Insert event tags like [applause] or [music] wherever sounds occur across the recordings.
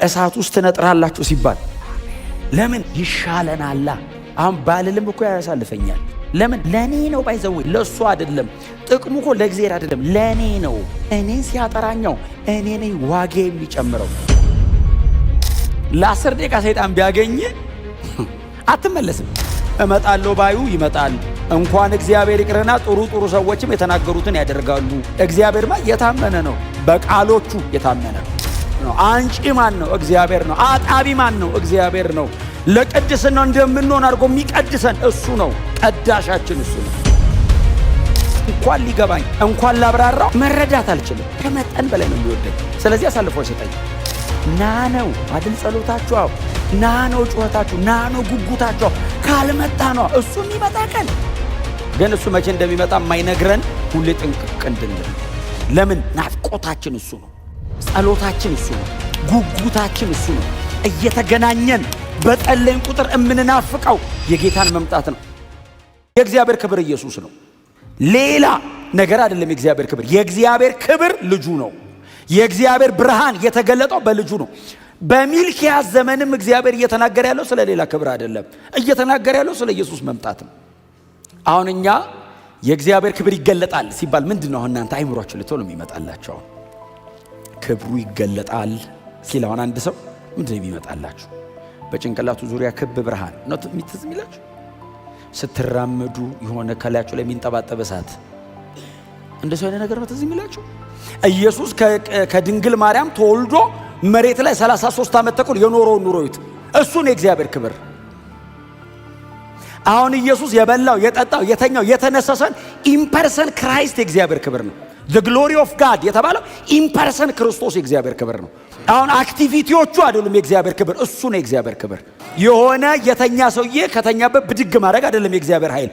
በእሳት ውስጥ ትነጥራላችሁ ሲባል ለምን ይሻለናላ? አሁን ባልልም እኮ ያሳልፈኛል። ለምን ለእኔ ነው ባይዘው፣ ለእሱ አይደለም። ጥቅሙ እኮ ለእግዜር አይደለም፣ ለእኔ ነው። እኔን ሲያጠራኛው እኔ ነኝ ዋጋ የሚጨምረው። ለአስር ደቂቃ ሰይጣን ቢያገኝ አትመለስም። እመጣለሁ ባዩ ይመጣል። እንኳን እግዚአብሔር ይቅርና ጥሩ ጥሩ ሰዎችም የተናገሩትን ያደርጋሉ። እግዚአብሔርማ የታመነ ነው፣ በቃሎቹ የታመነ ነው። ነው። አንጪ ማን ነው? እግዚአብሔር ነው። አጣቢ ማን ነው? እግዚአብሔር ነው። ለቅድስና እንደምንሆን አድርጎ የሚቀድሰን እሱ ነው። ቀዳሻችን እሱ ነው። እንኳን ሊገባኝ እንኳን ላብራራው መረዳት አልችልም። ከመጠን በላይ ነው የሚወደኝ። ስለዚህ አሳልፎ ሲጠኝ ና ነው አድል ጸሎታችሁ፣ ና ነው ጩኸታችሁ፣ ና ነው ጉጉታችሁ። ካልመጣ ነው እሱ የሚመጣ ቀን ግን እሱ መቼ እንደሚመጣ የማይነግረን ሁሌ ጥንቅቅ እንድንል ለምን ናፍቆታችን እሱ ነው። ጸሎታችን እሱ ነው። ጉጉታችን እሱ ነው። እየተገናኘን በጠለኝ ቁጥር የምንናፍቀው የጌታን መምጣት ነው። የእግዚአብሔር ክብር ኢየሱስ ነው። ሌላ ነገር አይደለም። የእግዚአብሔር ክብር የእግዚአብሔር ክብር ልጁ ነው። የእግዚአብሔር ብርሃን የተገለጠው በልጁ ነው። በሚልኪያ ዘመንም እግዚአብሔር እየተናገረ ያለው ስለ ሌላ ክብር አይደለም። እየተናገረ ያለው ስለ ኢየሱስ መምጣት ነው። አሁን እኛ የእግዚአብሔር ክብር ይገለጣል ሲባል ምንድን ነው እናንተ አይምሯችሁ ልትሆን የሚመጣላቸው ክብሩ ይገለጣል ሲል አሁን አንድ ሰው ምንድን የሚመጣላችሁ በጭንቅላቱ ዙሪያ ክብ ብርሃን ነው የሚትዝ የሚላችሁ ስትራመዱ የሆነ ከላያችሁ ላይ የሚንጠባጠብ እሳት እንደ ሰው አይነት ነገር ነው ትዝ የሚላችሁ ኢየሱስ ከድንግል ማርያም ተወልዶ መሬት ላይ 33 ዓመት ተኩል የኖረውን ኑሮዩት እሱን የእግዚአብሔር ክብር አሁን ኢየሱስ የበላው የጠጣው የተኛው የተነሰሰን ኢምፐርሰን ክራይስት የእግዚአብሔር ክብር ነው ዘ ግሎሪ ኦፍ ጋድ የተባለው ኢምፐርሰን ክርስቶስ የእግዚአብሔር ክብር ነው። አሁን አክቲቪቲዎቹ አይደሉም የእግዚአብሔር ክብር፣ እሱ ነው የእግዚአብሔር ክብር። የሆነ የተኛ ሰውዬ ከተኛበት ብድግ ማድረግ አይደለም የእግዚአብሔር ኃይል።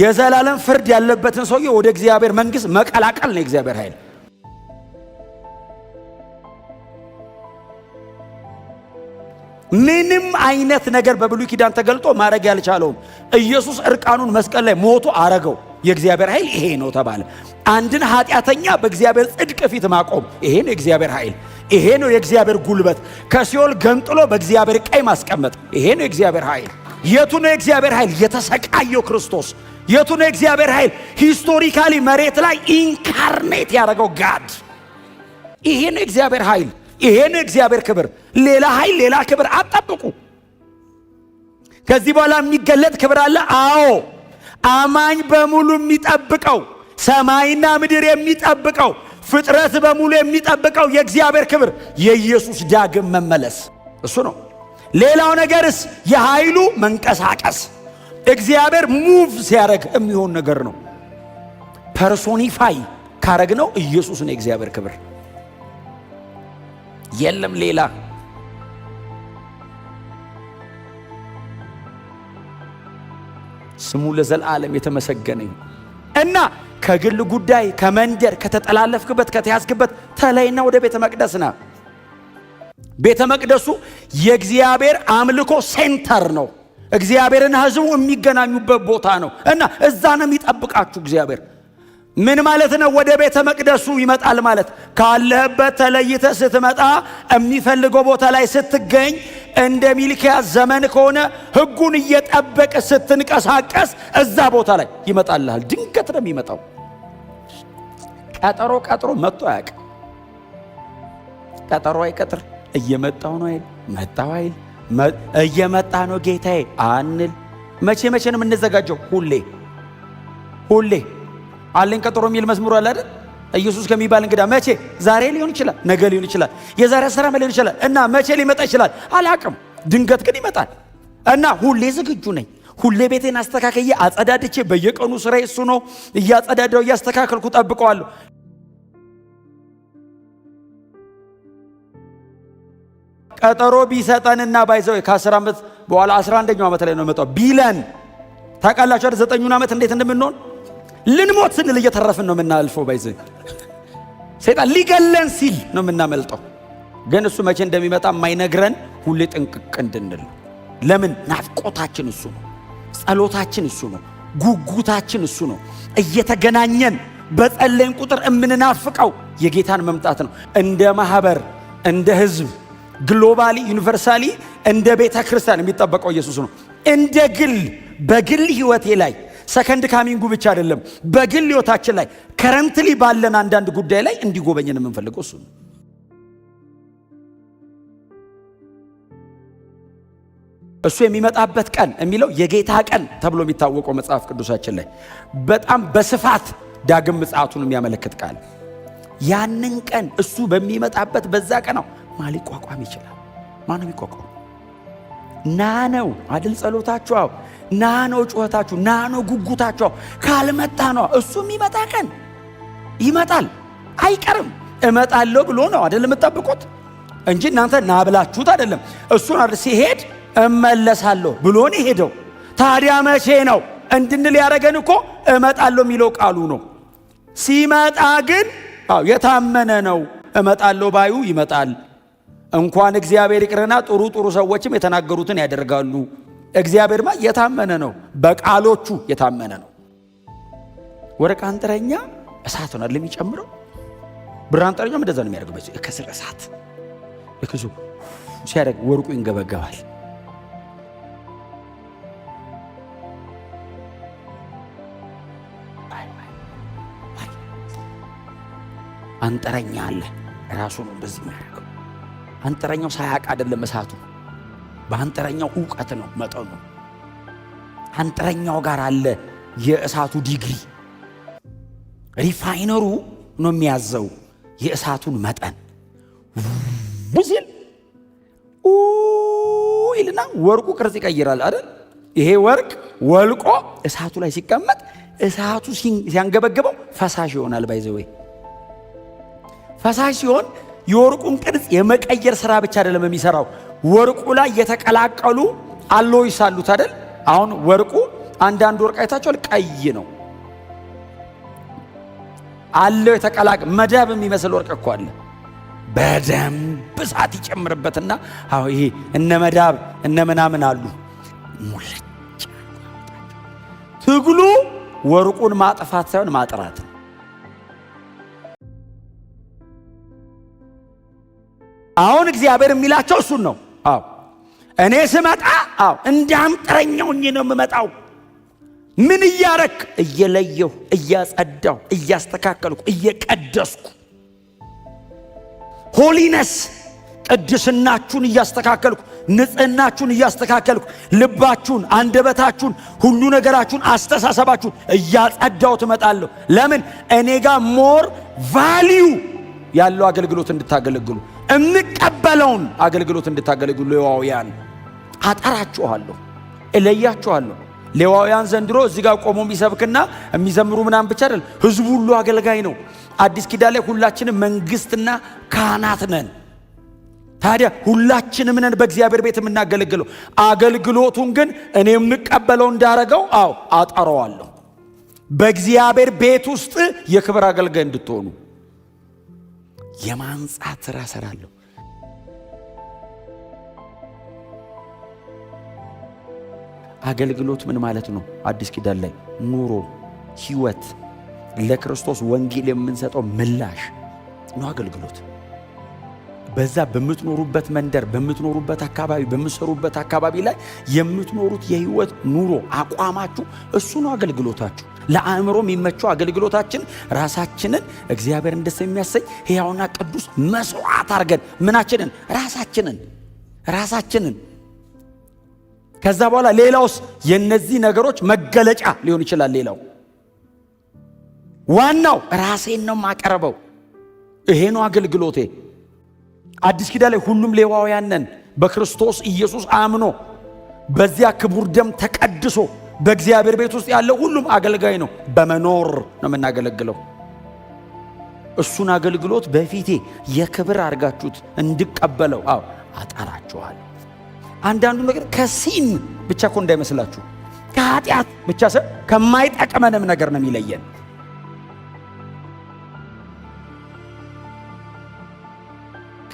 የዘላለም ፍርድ ያለበትን ሰውዬ ወደ እግዚአብሔር መንግሥት መቀላቀል ነው የእግዚአብሔር ኃይል። ምንም አይነት ነገር በብሉይ ኪዳን ተገልጦ ማድረግ ያልቻለውም ኢየሱስ እርቃኑን መስቀል ላይ ሞቶ አረገው። የእግዚአብሔር ኃይል ይሄ ነው ተባለ። አንድን ኃጢአተኛ በእግዚአብሔር ጽድቅ ፊት ማቆም ይሄ ነው የእግዚአብሔር ኃይል፣ ይሄ ነው የእግዚአብሔር ጉልበት። ከሲኦል ገንጥሎ በእግዚአብሔር ቀኝ ማስቀመጥ ይሄ ነው የእግዚአብሔር ኃይል። የቱ ነው የእግዚአብሔር ኃይል? የተሰቃየው ክርስቶስ። የቱ ነው የእግዚአብሔር ኃይል? ሂስቶሪካሊ መሬት ላይ ኢንካርኔት ያደረገው ጋድ። ይሄ ነው የእግዚአብሔር ኃይል፣ ይሄ ነው የእግዚአብሔር ክብር። ሌላ ኃይል፣ ሌላ ክብር አጠብቁ። ከዚህ በኋላ የሚገለጥ ክብር አለ። አዎ አማኝ በሙሉ የሚጠብቀው ሰማይና ምድር የሚጠብቀው ፍጥረት በሙሉ የሚጠብቀው የእግዚአብሔር ክብር የኢየሱስ ዳግም መመለስ እሱ ነው። ሌላው ነገርስ የኃይሉ መንቀሳቀስ እግዚአብሔር ሙቭ ሲያደረግ የሚሆን ነገር ነው። ፐርሶኒፋይ ካረግ ነው ኢየሱስ ነው የእግዚአብሔር ክብር የለም ሌላ ስሙ ለዘላለም የተመሰገነ ይሁን እና ከግል ጉዳይ ከመንደር ከተጠላለፍክበት ከተያዝክበት ተለይና ወደ ቤተ መቅደስ ና። ቤተ መቅደሱ የእግዚአብሔር አምልኮ ሴንተር ነው። እግዚአብሔርና ሕዝቡ የሚገናኙበት ቦታ ነው እና እዛ ነው የሚጠብቃችሁ እግዚአብሔር። ምን ማለት ነው? ወደ ቤተ መቅደሱ ይመጣል ማለት ካለህበት ተለይተ ስትመጣ የሚፈልገው ቦታ ላይ ስትገኝ እንደ ሚልኪያ ዘመን ከሆነ ሕጉን እየጠበቀ ስትንቀሳቀስ እዛ ቦታ ላይ ይመጣልሃል። ድንገት ነው የሚመጣው። ቀጠሮ ቀጥሮ መጥቶ አያውቅም። ቀጠሮ አይቀጥር እየመጣው ነው አይል መጣው አይል እየመጣ ነው ጌታዬ አንል። መቼ መቼ ነው የምንዘጋጀው? ሁሌ ሁሌ አለኝ ቀጠሮ የሚል መዝሙር አለ አይደል? ኢየሱስ ከሚባል እንግዳ መቼ ዛሬ ሊሆን ይችላል፣ ነገ ሊሆን ይችላል፣ የዛሬ አስር ዓመት ሊሆን ይችላል እና መቼ ሊመጣ ይችላል አላቅም። ድንገት ግን ይመጣል እና ሁሌ ዝግጁ ነኝ። ሁሌ ቤቴን አስተካከዬ አጸዳድቼ፣ በየቀኑ ስራ እሱ ነው። እያጸዳዳው እያስተካከልኩ ጠብቀዋለሁ። ቀጠሮ ቢሰጠንና ባይዘው ከአስር ዓመት በኋላ አስራ አንደኛው ዓመት ላይ ነው የመጣው ቢለን ታውቃላችሁ፣ ዘጠኙን ዓመት እንዴት እንደምንሆን ልንሞት ስንል እየተረፍን ነው የምናልፈው። ባይዘ ሰይጣን ሊገለን ሲል ነው የምናመልጠው። ግን እሱ መቼ እንደሚመጣ የማይነግረን ሁሌ ጥንቅቅ እንድንል። ለምን ናፍቆታችን እሱ ነው፣ ጸሎታችን እሱ ነው፣ ጉጉታችን እሱ ነው። እየተገናኘን በጸለይን ቁጥር የምንናፍቀው የጌታን መምጣት ነው። እንደ ማህበር፣ እንደ ህዝብ፣ ግሎባሊ ዩኒቨርሳሊ እንደ ቤተ ክርስቲያን የሚጠበቀው ኢየሱስ ነው። እንደ ግል በግል ህይወቴ ላይ ሰከንድ ካሚንጉ ብቻ አይደለም፣ በግል ህይወታችን ላይ ከረንትሊ ባለን አንዳንድ ጉዳይ ላይ እንዲጎበኘን የምንፈልገው እሱ ነው። እሱ የሚመጣበት ቀን የሚለው የጌታ ቀን ተብሎ የሚታወቀው መጽሐፍ ቅዱሳችን ላይ በጣም በስፋት ዳግም ምጽአቱን የሚያመለክት ቃል። ያንን ቀን እሱ በሚመጣበት በዛ ቀን ነው ማ ሊቋቋም ይችላል? ማን ነው ና ነው አድል ጸሎታችሁ ና ነው ጩኸታችሁ፣ ና ነው ጉጉታችሁ። ካልመጣ ነው እሱ የሚመጣ ቀን ይመጣል፣ አይቀርም። እመጣለሁ ብሎ ነው አደለም የምጠብቁት እንጂ እናንተ ና ብላችሁት አደለም። እሱን አይደል ሲሄድ እመለሳለሁ ብሎን ሄደው። ታዲያ መቼ ነው እንድንል ያደረገን እኮ እመጣለሁ የሚለው ቃሉ ነው። ሲመጣ ግን አዎ የታመነ ነው። እመጣለሁ ባዩ ይመጣል። እንኳን እግዚአብሔር ይቅርና ጥሩ ጥሩ ሰዎችም የተናገሩትን ያደርጋሉ። እግዚአብሔርማ የታመነ ነው፣ በቃሎቹ የታመነ ነው። ወርቅ አንጥረኛ እሳት ሆናል የሚጨምረው ብር አንጥረኛም እንደዛ ነው የሚያደርገው። በዚህ ከስር እሳት እክዙ ሲያደርግ ወርቁ ይንገበገባል። አንጥረኛ አለ ራሱ ነው እንደዚህ የሚያደርገው። አንጥረኛው ሳያውቅ አይደለም እሳቱ በአንጥረኛው እውቀት ነው መጠኑ። አንጥረኛው ጋር አለ የእሳቱ ዲግሪ። ሪፋይነሩ ነው የሚያዘው የእሳቱን መጠን ሲል ይልና ወርቁ ቅርጽ ይቀይራል አይደል? ይሄ ወርቅ ወልቆ እሳቱ ላይ ሲቀመጥ እሳቱ ሲያንገበግበው ፈሳሽ ይሆናል። ባይዘዌ ፈሳሽ ሲሆን የወርቁን ቅርጽ የመቀየር ስራ ብቻ አይደለም የሚሰራው ወርቁ ላይ የተቀላቀሉ አሎይስ አሉት አይደል? አሁን ወርቁ አንዳንድ ወርቅ አይታችኋል፣ ቀይ ነው አለው የተቀላቀ መዳብ የሚመስል ወርቅ እኮ አለ። በደንብ እሳት ይጨምርበትና አሁን ይሄ እነ መዳብ እነ ምናምን አሉ። ሙልጭ ትግሉ ወርቁን ማጥፋት ሳይሆን ማጥራት ነው። አሁን እግዚአብሔር የሚላቸው እሱን ነው። አዎ እኔ ስመጣ አዎ እንዳምጥረኛው እኔ ነው የምመጣው። ምን እያረክ? እየለየሁ፣ እያጸዳሁ፣ እያስተካከልኩ፣ እየቀደስኩ ሆሊነስ ቅድስናችሁን እያስተካከልኩ ንጽህናችሁን እያስተካከልኩ ልባችሁን፣ አንደበታችሁን፣ ሁሉ ነገራችሁን፣ አስተሳሰባችሁን እያጸዳው ትመጣለሁ። ለምን እኔ ጋር ሞር ቫሊዩ ያለው አገልግሎት እንድታገለግሉ የምቀበለውን አገልግሎት እንድታገለግሉ ሌዋውያን አጠራችኋለሁ፣ እለያችኋለሁ። ሌዋውያን ዘንድሮ እዚህ ጋር ቆሞ የሚሰብክና የሚዘምሩ ምናምን ብቻ አይደል፣ ህዝቡ ሁሉ አገልጋይ ነው። አዲስ ኪዳን ላይ ሁላችንም መንግስትና ካህናት ነን። ታዲያ ሁላችንም ነን በእግዚአብሔር ቤት የምናገለግለው። አገልግሎቱን ግን እኔ የምቀበለው እንዳረገው፣ አው አጠረዋለሁ። በእግዚአብሔር ቤት ውስጥ የክብር አገልጋይ እንድትሆኑ የማንጻት ስራ እሰራለሁ። አገልግሎት ምን ማለት ነው? አዲስ ኪዳን ላይ ኑሮ፣ ህይወት፣ ለክርስቶስ ወንጌል የምንሰጠው ምላሽ ነው አገልግሎት በዛ በምትኖሩበት መንደር፣ በምትኖሩበት አካባቢ፣ በምትሰሩበት አካባቢ ላይ የምትኖሩት የህይወት ኑሮ አቋማችሁ እሱ ነው። አገልግሎታችሁ ለአእምሮ የሚመቸው አገልግሎታችን ራሳችንን እግዚአብሔርን ደስ የሚያሰኝ ሕያውና ቅዱስ መስዋዕት አድርገን ምናችንን ራሳችንን ራሳችንን ከዛ በኋላ ሌላውስ የነዚህ ነገሮች መገለጫ ሊሆን ይችላል። ሌላው ዋናው ራሴን ነው የማቀርበው። ይሄ ነው አገልግሎቴ። አዲስ ኪዳን ላይ ሁሉም ሌዋውያን ነን። በክርስቶስ ኢየሱስ አምኖ በዚያ ክቡር ደም ተቀድሶ በእግዚአብሔር ቤት ውስጥ ያለው ሁሉም አገልጋይ ነው። በመኖር ነው የምናገለግለው። እሱን አገልግሎት በፊቴ የክብር አድርጋችሁት እንድቀበለው አዎ አጠራችኋል። አንዳንዱ ነገር ከሲን ብቻ እኮ እንዳይመስላችሁ ከኃጢአት ብቻ ሰ ከማይጠቅመንም ነገር ነው የሚለየን።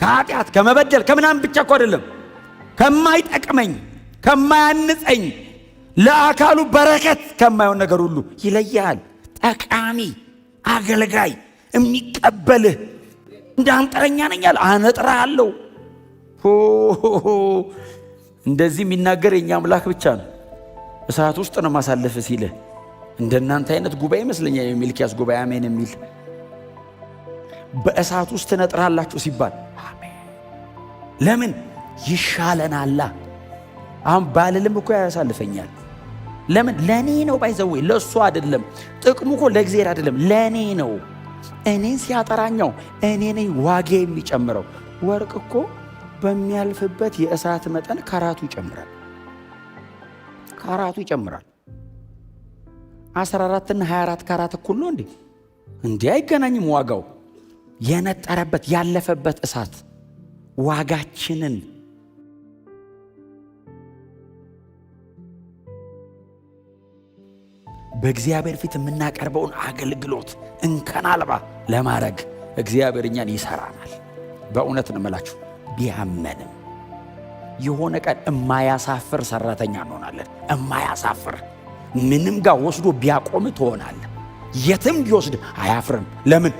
ከኃጢአት ከመበደል ከምናምን ብቻ እኮ አይደለም ከማይጠቅመኝ ከማያንጸኝ ለአካሉ በረከት ከማይሆን ነገር ሁሉ ይለያል። ጠቃሚ አገልጋይ የሚቀበልህ እንደ ነኛል አነጥራ አለው። እንደዚህ የሚናገር የኛ አምላክ ብቻ ነው። እሳት ውስጥ ነው ማሳለፍ እንደ እናንተ አይነት ጉባኤ ይመስለኛል የሚልኪያስ ጉባኤ አሜን የሚል በእሳት ውስጥ ነጥራላችሁ ሲባል ለምን ይሻለናላ። አሁን ባልልም እኮ ያሳልፈኛል። ለምን ለእኔ ነው። ባይዘው፣ ለእሱ አይደለም። ጥቅሙ እኮ ለእግዚአብሔር አይደለም፣ ለእኔ ነው። እኔን ሲያጠራኛው እኔ ነኝ ዋጋ የሚጨምረው። ወርቅ እኮ በሚያልፍበት የእሳት መጠን ካራቱ ይጨምራል፣ ካራቱ ይጨምራል። 14 እና 24 ካራት እኩል ነው እንዴ? እንዲህ አይገናኝም ዋጋው የነጠረበት ያለፈበት እሳት ዋጋችንን በእግዚአብሔር ፊት የምናቀርበውን አገልግሎት እንከን አልባ ለማድረግ እግዚአብሔር እኛን ይሰራናል። በእውነት ነው ቢያመንም የሆነ ቀን እማያሳፍር ሰራተኛ እንሆናለን። እማያሳፍር ምንም ጋር ወስዶ ቢያቆም ትሆናለ። የትም ቢወስድ አያፍርም። ለምን?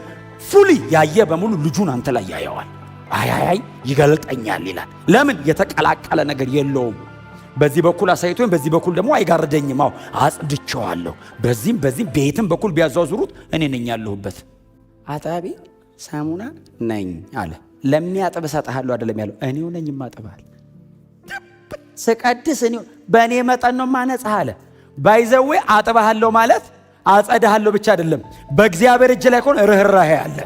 ፉሊ ያየ በሙሉ ልጁን አንተ ላይ ያየዋል። አያያይ ይገልጠኛል ይላል። ለምን የተቀላቀለ ነገር የለውም። በዚህ በኩል አሳይቶኝ በዚህ በኩል ደግሞ አይጋርደኝም። አዎ አጽድቸዋለሁ። በዚህም በዚህም ቤትም በኩል ቢያዟዙሩት እኔ ነኝ ያለሁበት። አጣቢ ሳሙና ነኝ አለ። ለሚያጥብ እሰጥሃለሁ አደለም ያለው፣ እኔው ነኝ የማጥብሃል። ስቀድስ እኔው በእኔ መጠን ነው ማነጽህ አለ። ባይዘዌ አጥብሃለሁ ማለት አጸድሃለሁ ብቻ አይደለም። በእግዚአብሔር እጅ ላይ ከሆነ ርኅራሄ አለ።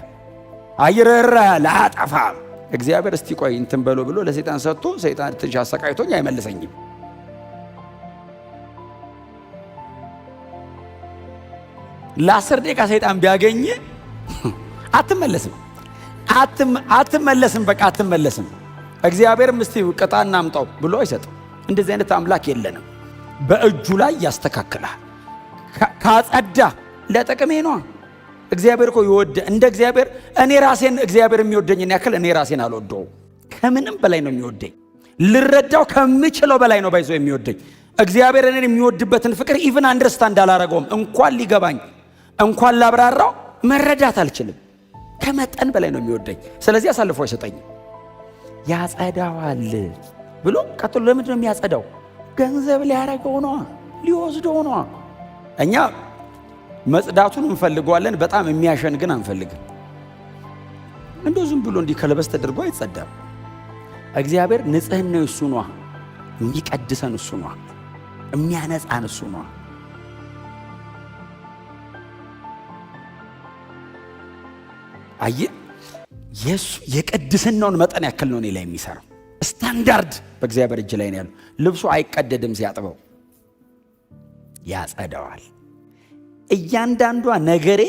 አይ ርኅራሄ አለ። አጠፋም እግዚአብሔር እስቲ ቆይ እንትን በሎ ብሎ ለሰይጣን ሰጥቶ ሰይጣን ትንሽ አሰቃይቶኝ አይመልሰኝም። ለአስር ደቂቃ ሰይጣን ቢያገኝ [laughs] አትመለስም፣ አትመለስም፣ በቃ አትመለስም። እግዚአብሔርም እስቲ ቅጣ እናምጣው ብሎ አይሰጥም። እንደዚህ አይነት አምላክ የለንም። በእጁ ላይ ያስተካክላል። ካጸዳ ለጥቅሜ ነዋ። እግዚአብሔር እኮ ይወደ እንደ እግዚአብሔር እኔ ራሴን እግዚአብሔር የሚወደኝን ያክል እኔ ራሴን አልወደው። ከምንም በላይ ነው የሚወደኝ። ልረዳው ከምችለው በላይ ነው ባይዞ የሚወደኝ። እግዚአብሔር እኔን የሚወድበትን ፍቅር ኢቭን አንደርስታንድ አላረገውም። እንኳን ሊገባኝ እንኳን ላብራራው መረዳት አልችልም። ከመጠን በላይ ነው የሚወደኝ። ስለዚህ አሳልፎ አይሰጠኝም፣ ያጸዳዋል ብሎ ቀጥሎ ለምንድን ነው የሚያጸዳው? ገንዘብ ሊያረገው ነዋ፣ ሊወስደው ነዋ እኛ መጽዳቱን እንፈልገዋለን። በጣም የሚያሸን ግን አንፈልግም። እንዶ ዝም ብሎ እንዲህ ከለበስ ተደርጎ አይጸዳም። እግዚአብሔር ንጽህናው እሱ ኗ፣ የሚቀድሰን እሱ ኗ፣ የሚያነጻን እሱ ኗ። አየህ የሱ የቅድስናውን መጠን ያክል ነው እኔ ላይ የሚሰራው። ስታንዳርድ በእግዚአብሔር እጅ ላይ ነው ያለው። ልብሱ አይቀደድም፣ ሲያጥበው ያጸደዋል። እያንዳንዷ ነገሬ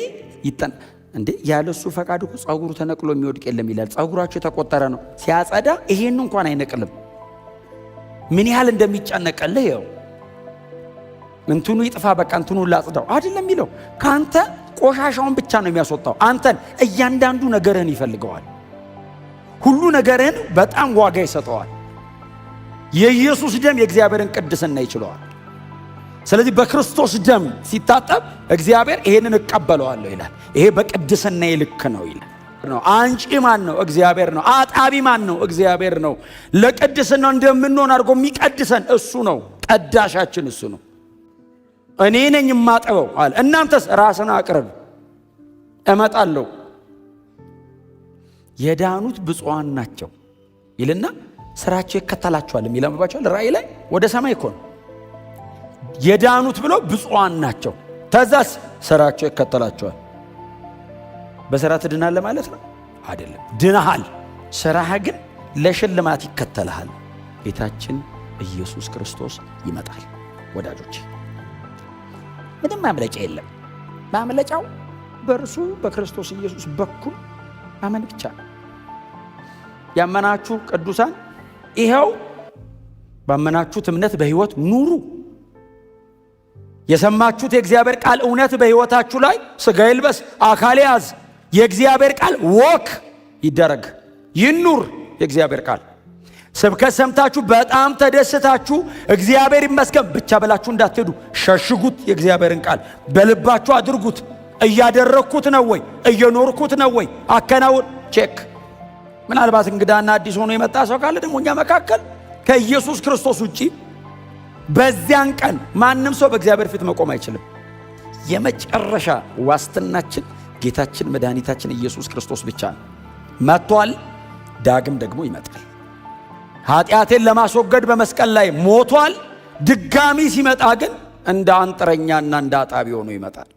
ይጠና እንዴ ያለ እሱ ፈቃድ እኮ ጸጉሩ ተነቅሎ የሚወድቅ የለም ይላል። ጸጉራቸው የተቆጠረ ነው። ሲያጸዳ ይሄን እንኳን አይነቅልም። ምን ያህል እንደሚጨነቀልህ ይኸው። እንትኑ ይጥፋ በቃ እንትኑ ላጽዳው አይደለም የሚለው ከአንተ ቆሻሻውን ብቻ ነው የሚያስወጣው። አንተን እያንዳንዱ ነገርህን ይፈልገዋል። ሁሉ ነገርህን በጣም ዋጋ ይሰጠዋል። የኢየሱስ ደም የእግዚአብሔርን ቅድስና ይችለዋል። ስለዚህ በክርስቶስ ደም ሲታጠብ እግዚአብሔር ይሄንን እቀበለዋለሁ ይላል። ይሄ በቅድስና ይልክ ነው ይላል ነው። አንጪ ማን ነው? እግዚአብሔር ነው። አጣቢ ማን ነው? እግዚአብሔር ነው። ለቅድስና እንደምንሆን አድርጎ የሚቀድሰን እሱ ነው። ቀዳሻችን እሱ ነው። እኔ ነኝ የማጠበው አለ። እናንተስ ራስን አቅርብ፣ እመጣለሁ። የዳኑት ብፁዓን ናቸው ይልና ስራቸው ይከተላቸዋል የሚለምባቸዋል። ራእይ ላይ ወደ ሰማይ እኮ ነው የዳኑት ብለው ብፁዓን ናቸው። ተዛስ ስራቸው ይከተላቸዋል። በስራ ትድናለ ማለት ነው አይደለም። ድናሃል፣ ስራህ ግን ለሽልማት ይከተልሃል። ጌታችን ኢየሱስ ክርስቶስ ይመጣል። ወዳጆች ምንም ማምለጫ የለም። ማምለጫው በእርሱ በክርስቶስ ኢየሱስ በኩል አመን ብቻ ነው። ያመናችሁ ቅዱሳን ይኸው ባመናችሁት እምነት በሕይወት ኑሩ። የሰማችሁት የእግዚአብሔር ቃል እውነት በሕይወታችሁ ላይ ሥጋ ይልበስ፣ አካል ያዝ። የእግዚአብሔር ቃል ወክ ይደረግ፣ ይኑር። የእግዚአብሔር ቃል ስብከት ሰምታችሁ በጣም ተደስታችሁ እግዚአብሔር ይመስገን ብቻ ብላችሁ እንዳትሄዱ፣ ሸሽጉት። የእግዚአብሔርን ቃል በልባችሁ አድርጉት። እያደረግኩት ነው ወይ? እየኖርኩት ነው ወይ? አከናውን ቼክ። ምናልባት እንግዳና አዲስ ሆኖ የመጣ ሰው ካለ ደግሞ እኛ መካከል ከኢየሱስ ክርስቶስ ውጪ በዚያን ቀን ማንም ሰው በእግዚአብሔር ፊት መቆም አይችልም። የመጨረሻ ዋስትናችን ጌታችን መድኃኒታችን ኢየሱስ ክርስቶስ ብቻ ነው። መጥቷል፣ ዳግም ደግሞ ይመጣል። ኃጢአቴን ለማስወገድ በመስቀል ላይ ሞቷል። ድጋሚ ሲመጣ ግን እንደ አንጥረኛና እንደ አጣቢ ሆኖ ይመጣል።